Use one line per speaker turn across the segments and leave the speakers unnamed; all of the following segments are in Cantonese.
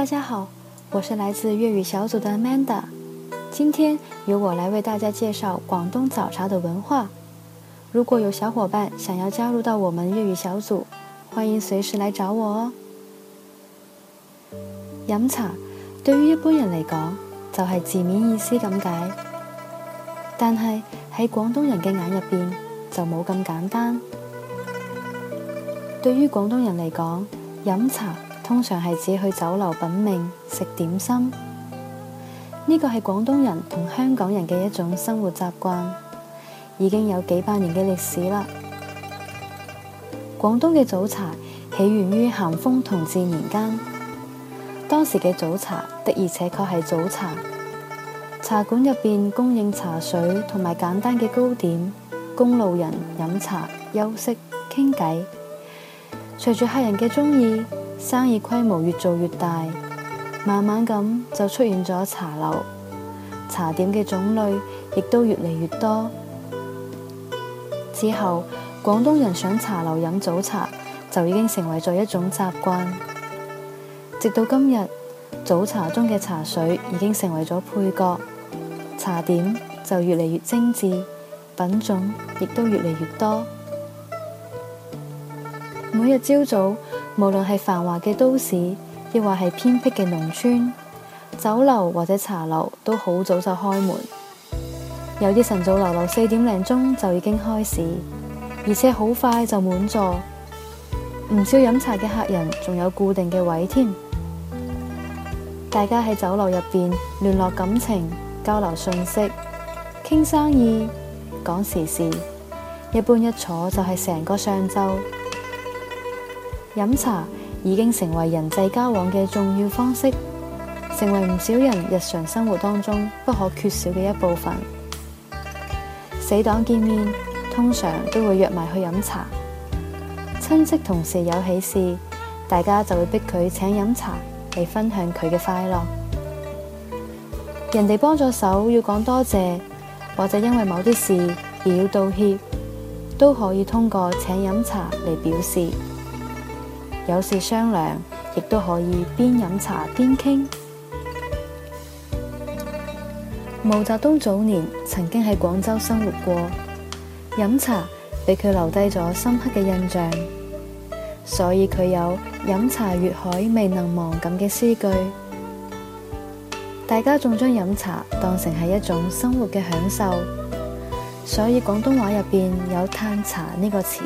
大家好，我是來自粵語小組的 Amanda，今天由我來為大家介紹廣東早茶的文化。如果有小伙伴想要加入到我們粵語小組，歡迎隨時來找我哦。飲茶對於一般人嚟講就係字面意思咁解，但係喺廣東人嘅眼入邊就冇咁簡單。對於廣東人嚟講，飲茶。通常係指去酒樓品茗食點心，呢個係廣東人同香港人嘅一種生活習慣，已經有幾百年嘅歷史啦。廣東嘅早茶起源於咸豐同治年間，當時嘅早茶的而且確係早茶，茶館入邊供應茶水同埋簡單嘅糕點，供路人飲茶、休息、傾偈。隨住客人嘅鍾意。生意規模越做越大，慢慢咁就出現咗茶樓，茶點嘅種類亦都越嚟越多。之後，廣東人上茶樓飲早茶就已經成為咗一種習慣。直到今日，早茶中嘅茶水已經成為咗配角，茶點就越嚟越精緻，品種亦都越嚟越多。每日朝早。無論係繁華嘅都市，亦或係偏僻嘅農村，酒樓或者茶樓都好早就開門。有啲晨早流流四點零鐘就已經開始，而且好快就滿座。唔少飲茶嘅客人仲有固定嘅位添。大家喺酒樓入邊聯絡感情、交流信息、傾生意、講時事，一般一坐就係成個上晝。飲茶已經成為人際交往嘅重要方式，成為唔少人日常生活當中不可缺少嘅一部分。死黨見面，通常都會約埋去飲茶，親戚同事有喜事，大家就會逼佢請飲茶嚟分享佢嘅快樂。人哋幫咗手要講多謝，或者因為某啲事而要道歉，都可以通過請飲茶嚟表示。有事商量，亦都可以邊飲茶邊傾。毛澤東早年曾經喺廣州生活過，飲茶俾佢留低咗深刻嘅印象，所以佢有“飲茶粵海未能忘”咁嘅詩句。大家仲將飲茶當成係一種生活嘅享受，所以廣東話入邊有“嘆茶”呢個詞，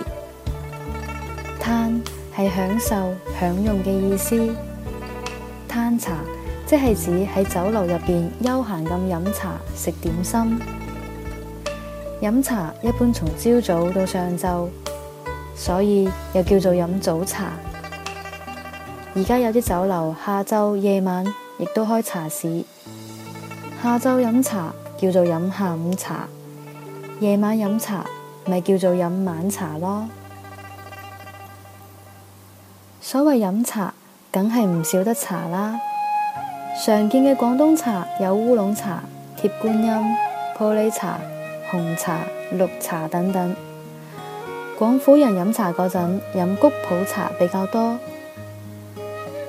嘆。係享受、享用嘅意思。嘆茶即係指喺酒樓入邊悠閒咁飲茶、食點心。飲茶一般從朝早，早到上晝，所以又叫做飲早茶。而家有啲酒樓下晝、夜晚亦都開茶市。下晝飲茶叫做飲下午茶，夜晚飲茶咪、就是、叫做飲晚茶咯。所謂飲茶，梗係唔少得茶啦。常見嘅廣東茶有烏龍茶、鐵觀音、普洱茶、紅茶、綠茶等等。廣府人飲茶嗰陣，飲菊普茶比較多。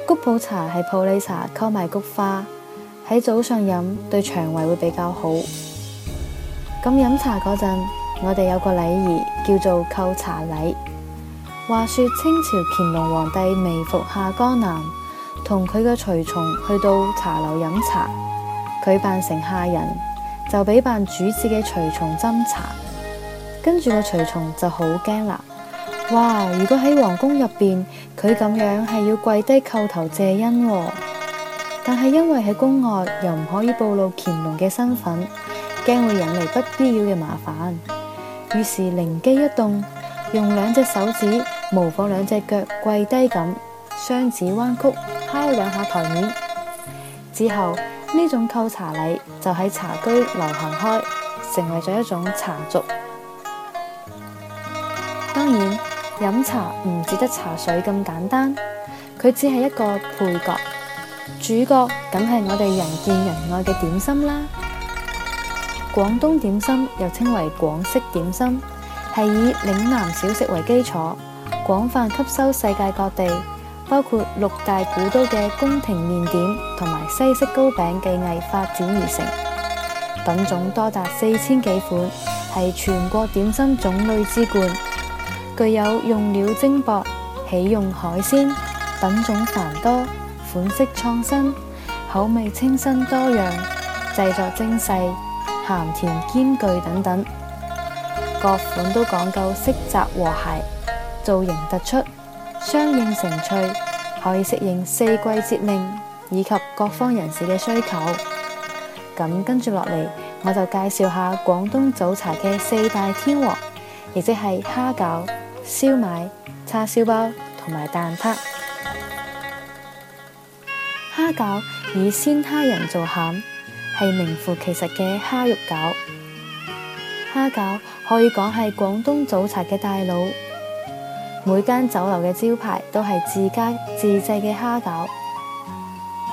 菊普茶係普洱茶溝埋菊花，喺早上飲對腸胃會比較好。咁飲茶嗰陣，我哋有個禮儀叫做叩茶禮。話說清朝乾隆皇帝微服下江南，同佢嘅隨從去到茶樓飲茶，佢扮成下人，就俾扮主子嘅隨從斟茶。跟住個隨從就好驚啦！哇，如果喺皇宮入邊，佢咁樣係要跪低叩頭謝恩，哦，但係因為喺宮外又唔可以暴露乾隆嘅身份，驚會引嚟不必要嘅麻煩，於是靈機一動，用兩隻手指。模仿兩隻腳跪低咁，雙指彎曲敲兩下台面之後，呢種扣茶禮就喺茶居流行開，成為咗一種茶俗。當然，飲茶唔止得茶水咁簡單，佢只係一個配角，主角梗係我哋人見人愛嘅點心啦。廣東點心又稱為廣式點心，係以嶺南小食為基礎。廣泛吸收世界各地，包括六大古都嘅宮廷麵點同埋西式糕餅技藝發展而成，品種多達四千幾款，係全國點心種類之冠。具有用料精博、喜用海鮮、品種繁多、款式創新、口味清新多樣、製作精細、鹹甜兼具等等，各款都講究色澤和諧。造型突出，相映成趣，可以適應四季節令以及各方人士嘅需求。咁跟住落嚟，我就介紹下廣東早茶嘅四大天王，亦即係蝦餃、燒賣、叉燒包同埋蛋撻。蝦餃以鮮蝦仁做餡，係名副其實嘅蝦肉餃。蝦餃可以講係廣東早茶嘅大佬。每間酒樓嘅招牌都係自家自製嘅蝦餃。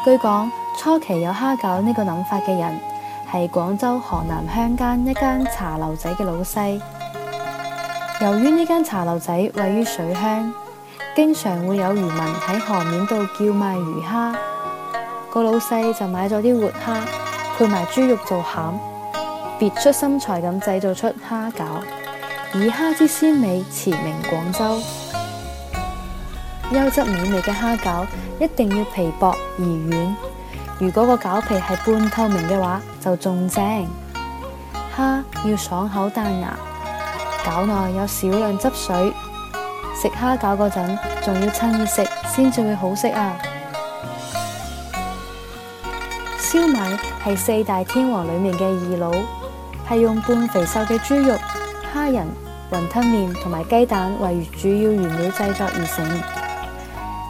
據講，初期有蝦餃呢個諗法嘅人，係廣州河南鄉間一間茶樓仔嘅老細。由於呢間茶樓仔位於水鄉，經常會有漁民喺河面度叫賣魚蝦，個老細就買咗啲活蝦，配埋豬肉做餡，別出心裁咁製造出蝦餃。以蝦之鮮美馳名廣州，優質美味嘅蝦餃一定要皮薄而軟，如果個餃皮係半透明嘅話就仲正。蝦要爽口彈牙，餃內有少量汁水。食蝦餃嗰陣，仲要趁熱食先至會好食啊！燒賣係四大天王裏面嘅二佬，係用半肥瘦嘅豬肉。蝦仁、雲吞麵同埋雞蛋為主要原料製作而成。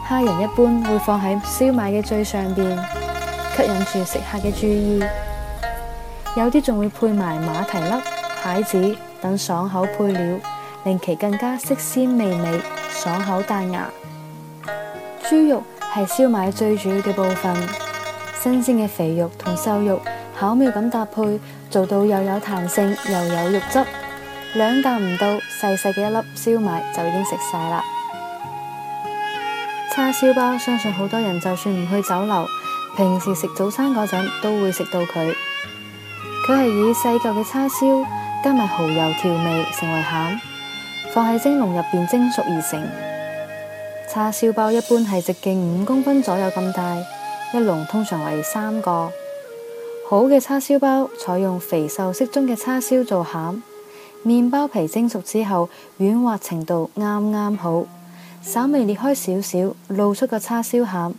蝦仁一般會放喺燒賣嘅最上面，吸引住食客嘅注意。有啲仲會配埋馬蹄粒、蟹子等爽口配料，令其更加色鮮味美、爽口彈牙。豬肉係燒賣最主要嘅部分，新鮮嘅肥肉同瘦肉巧妙咁搭配，做到又有彈性又有肉汁。兩啖唔到，細細嘅一粒燒賣就已經食晒啦。叉燒包相信好多人就算唔去酒樓，平時食早餐嗰陣都會食到佢。佢係以細嚿嘅叉燒加埋蠔油調味成為餡，放喺蒸籠入邊蒸熟而成。叉燒包一般係直徑五公分左右咁大，一籠通常為三個。好嘅叉燒包採用肥瘦適中嘅叉燒做餡。麵包皮蒸熟之後，軟滑程度啱啱好，稍微裂開少少，露出個叉燒餡，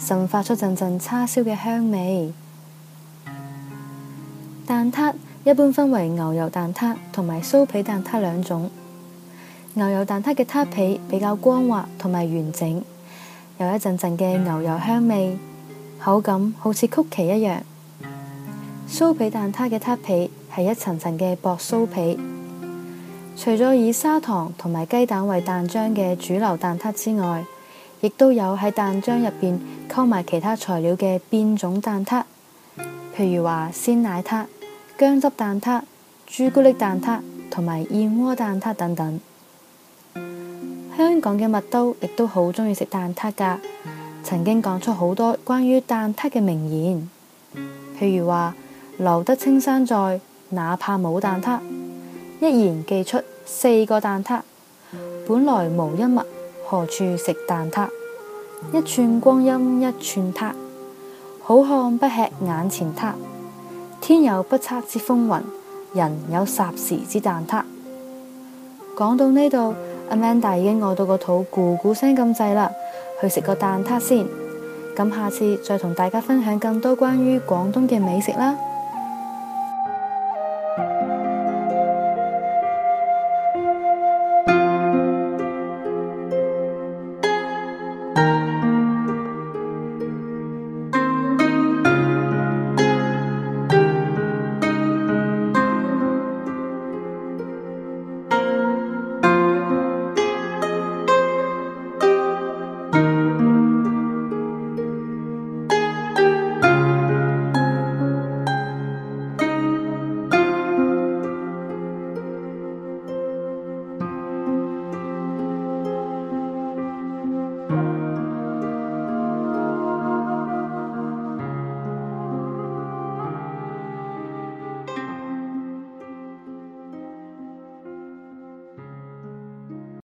滲發出陣陣叉燒嘅香味。蛋撻一般分為牛油蛋撻同埋酥皮蛋撻兩種。牛油蛋撻嘅撻皮比較光滑同埋完整，有一陣陣嘅牛油香味，口感好似曲奇一樣。酥皮蛋撻嘅撻皮係一層層嘅薄酥皮。除咗以砂糖同埋雞蛋為蛋漿嘅主流蛋撻之外，亦都有喺蛋漿入邊溝埋其他材料嘅變種蛋撻，譬如話鮮奶撻、姜汁蛋撻、朱古力蛋撻同埋燕窩蛋撻等等。香港嘅麥兜亦都好鍾意食蛋撻噶，曾經講出好多關於蛋撻嘅名言，譬如話留得青山在，哪怕冇蛋撻。一言既出四個蛋撻，本來無一物，何處食蛋撻？一寸光陰一寸撻，好漢不吃眼前撻。天有不測之風雲，人有霎時之蛋撻。講到呢度，Amanda 已經餓到個肚咕咕聲咁滯啦，去食個蛋撻先。咁下次再同大家分享更多關於廣東嘅美食啦。